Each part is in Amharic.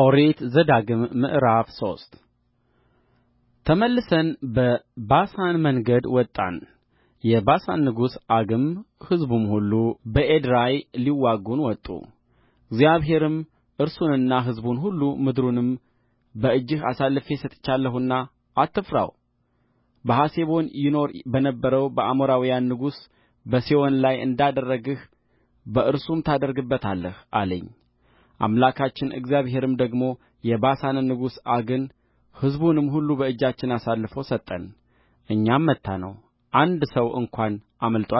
ኦሪት ዘዳግም ምዕራፍ ሶስት ተመልሰን በባሳን መንገድ ወጣን የባሳን ንጉሥ ዐግም ሕዝቡም ሁሉ በኤድራይ ሊዋጉን ወጡ እግዚአብሔርም እርሱንና ሕዝቡን ሁሉ ምድሩንም በእጅህ አሳልፌ ሰጥቼአለሁና አትፍራው በሐሴቦን ይኖር በነበረው በአሞራውያን ንጉሥ በሴዎን ላይ እንዳደረግህ በእርሱም ታደርግበታለህ አለኝ አምላካችን እግዚአብሔርም ደግሞ የባሳንን ንጉሥ ዐግን ሕዝቡንም ሁሉ በእጃችን አሳልፎ ሰጠን እኛም መታነው አንድ ሰው እንኳ አምልጦ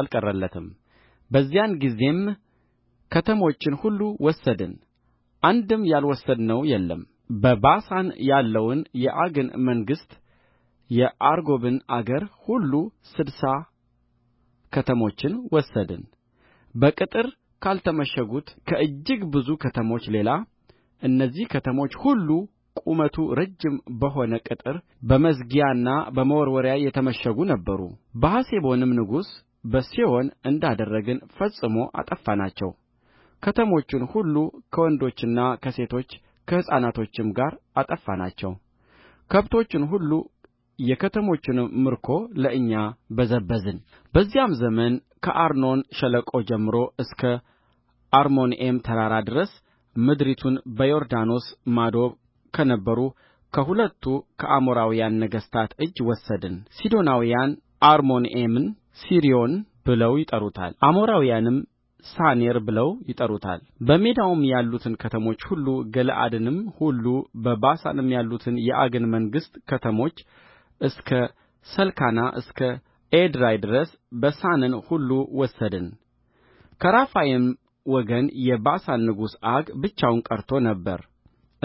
በዚያን ጊዜም ከተሞችን ሁሉ ወሰድን አንድም ያልወሰድነው የለም በባሳን ያለውን የዐግን መንግሥት የአርጎብን አገር ሁሉ ስድሳ ከተሞችን ወሰድን በቅጥር ካልተመሸጉት ከእጅግ ብዙ ከተሞች ሌላ እነዚህ ከተሞች ሁሉ ቁመቱ ረጅም በሆነ ቅጥር በመዝጊያና በመወርወሪያ የተመሸጉ ነበሩ በሐሴቦንም ንጉሥ በሴዎን እንዳደረግን ፈጽሞ አጠፋናቸው ከተሞቹን ሁሉ ከወንዶችና ከሴቶች ከሕፃናቶችም ጋር አጠፋናቸው ከብቶቹን ሁሉ የከተሞቹንም ምርኮ ለእኛ በዘበዝን በዚያም ዘመን ከአርኖን ሸለቆ ጀምሮ እስከ አርሞንዔም ተራራ ድረስ ምድሪቱን በዮርዳኖስ ማዶ ከነበሩ ከሁለቱ ከአሞራውያን ነገሥታት እጅ ወሰድን ሲዶናውያን አርሞንዔምን ሢርዮን ብለው ይጠሩታል አሞራውያንም ሳኔር ብለው ይጠሩታል በሜዳውም ያሉትን ከተሞች ሁሉ ገለዓድንም ሁሉ በባሳንም ያሉትን የዐግን መንግሥት ከተሞች እስከ ሰልካና እስከ ኤድራይ ድረስ ባሳንን ሁሉ ወሰድንከራፋይም ወገን የባሳን ንጉሥ ዐግ ብቻውን ቀርቶ ነበር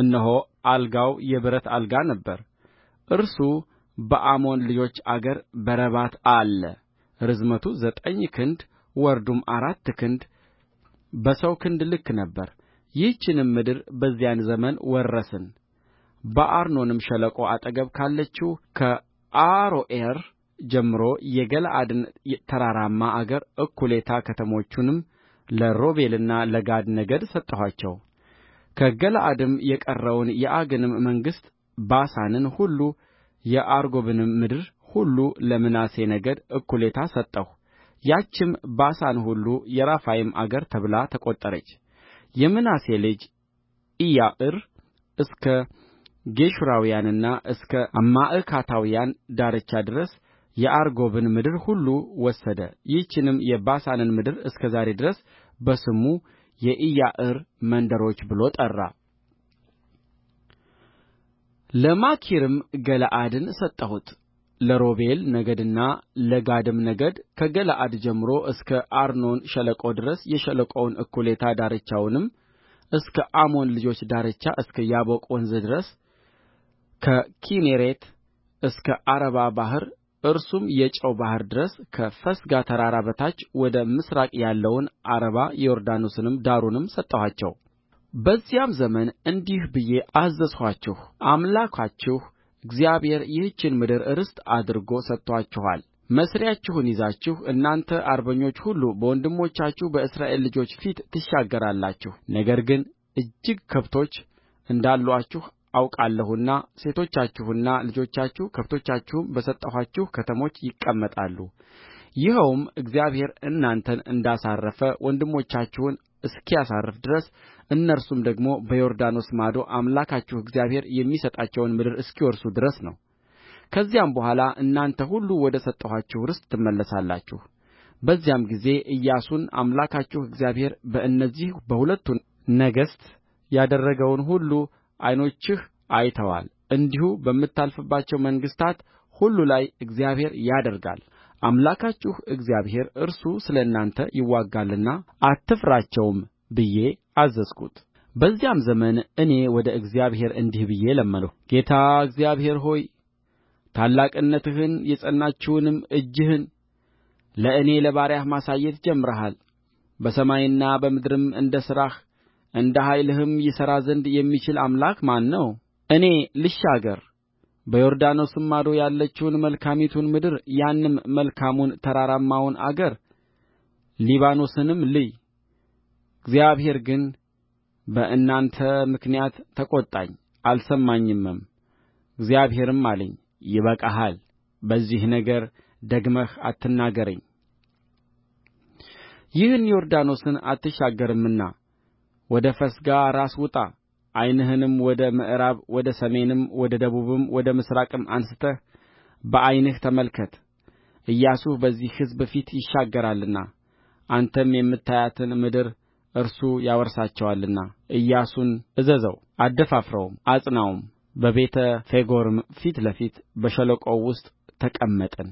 እነሆ አልጋው የብረት አልጋ ነበረ እርሱ በአሞን ልጆች አገር በረባት አለ ርዝመቱ ዘጠኝ ክንድ ወርዱም አራት ክንድ በሰው ክንድ ልክ ነበረ ይህችንም ምድር በዚያን ዘመን ወረስን በአርኖንም ሸለቆ አጠገብ ካለችው ከአሮዔር ጀምሮ የገለዓድን ተራራማ አገር እኩሌታ ከተሞቹንም ለሮቤልና ለጋድ ነገድ ሰጠኋቸውከገለዓድም የቀረውን የዐግንም መንግሥት ባሳንን ሁሉ የአርጎብንም ምድር ሁሉ ለምናሴ ነገድ እኩሌታ ሰጠሁ ያችም ባሳን ሁሉ የራፋይም አገር ተብላ ተቈጠረች የምናሴ ልጅ ኢያዕር እስከ ጌሹራውያንና እስከ ማዕካታውያን ዳርቻ ድረስ የአርጎብን ምድር ሁሉ ወሰደ ይህችንም የባሳንን ምድር እስከ ዛሬ ድረስ በስሙ የኢያዕር መንደሮች ብሎ ጠራለማኪርም ገለዓድን ሰጠሁት ለሮቤል ነገድና ለጋድም ነገድ ከገለዓድ ጀምሮ እስከ አርኖን ሸለቆ ድረስ የሸለቆውን እኩሌታ ዳርቻውንም እስከ አሞን ልጆች ዳርቻ እስከ ያቦቅ ወንዝ ድረስ ከኪኔሬት እስከ ዓረባ ባሕር እርሱም የጨው ባሕር ድረስ ከፈስጋ ተራራ በታች ወደ ምሥራቅ ያለውን ዓረባ ዮርዳኖስንም ዳሩንም ሰጠኋቸውበዚያም ዘመን እንዲህ ብዬ አዘዝኋችሁ አምላካችሁ እግዚአብሔር ይህችን ምድር ርስት አድርጎ ሰጥቶአችኋል መሣሪያችሁን ይዛችሁ እናንተ አርበኞች ሁሉ በወንድሞቻችሁ በእስራኤል ልጆች ፊት ትሻገራላችሁነገር ግን እጅግ ከብቶች እንዳሉአችሁ አውቃለሁና ሴቶቻችሁና ልጆቻችሁ ከብቶቻችሁም በሰጠኋችሁ ከተሞች ይቀመጣሉ። ይኸውም እግዚአብሔር እናንተን እንዳሳረፈ ወንድሞቻችሁን እስኪያሳርፍ ድረስ እነርሱም ደግሞ በዮርዳኖስ ማዶ አምላካችሁ እግዚአብሔር የሚሰጣቸውን ምድር እስኪወርሱ ድረስ ነው። ከዚያም በኋላ እናንተ ሁሉ ወደ ሰጠኋችሁ ርስት ትመለሳላችሁ በዚያም ጊዜ ኢያሱን አምላካችሁ እግዚአብሔር በእነዚህ በሁለቱ ነገሥት ያደረገውን ሁሉ ዓይኖችህ አይተዋል እንዲሁ በምታልፍባቸው መንግሥታት ሁሉ ላይ እግዚአብሔር ያደርጋል። አምላካችሁ እግዚአብሔር እርሱ ስለ እናንተ ይዋጋልና አትፍራቸውም ብዬ በዚያም ዘመን እኔ ወደ እግዚአብሔር እንዲህ ብዬ ለመንሁ ጌታ እግዚአብሔር ሆይ ታላቅነትህን የጸናችውንም እጅህን ለእኔ ለባሪያህ ማሳየት ጀምረሃል በሰማይና በምድርም እንደ ሥራህ እንደ ኃይልህም ይሠራ ዘንድ የሚችል አምላክ ማን ነው እኔ ልሻገር በዮርዳኖስም ማዶ ያለችውን መልካሚቱን ምድር ያንም መልካሙን ተራራማውን አገር ሊባኖስንም ልይ እግዚአብሔር ግን በእናንተ ምክንያት ተቈጣኝ አልሰማኝምም እግዚአብሔርም አለኝ ይበቃሃል በዚህ ነገር ደግመህ አትናገረኝ ይህን ዮርዳኖስን አትሻገርምና ወደ ፈስጋ ራስ ውጣ ዓይንህንም ወደ ምዕራብ ወደ ሰሜንም ወደ ደቡብም ወደ ምሥራቅም አንሥተህ በዓይንህ ተመልከት ኢያሱ በዚህ ሕዝብ ፊት ይሻገራልና አንተም የምታያትን ምድር እርሱ ያወርሳቸዋልና ኢያሱን እዘዘው አደፋፍረውም አጽናውም በቤተ ፌጎርም ፊት ለፊት በሸለቆው ውስጥ ተቀመጥን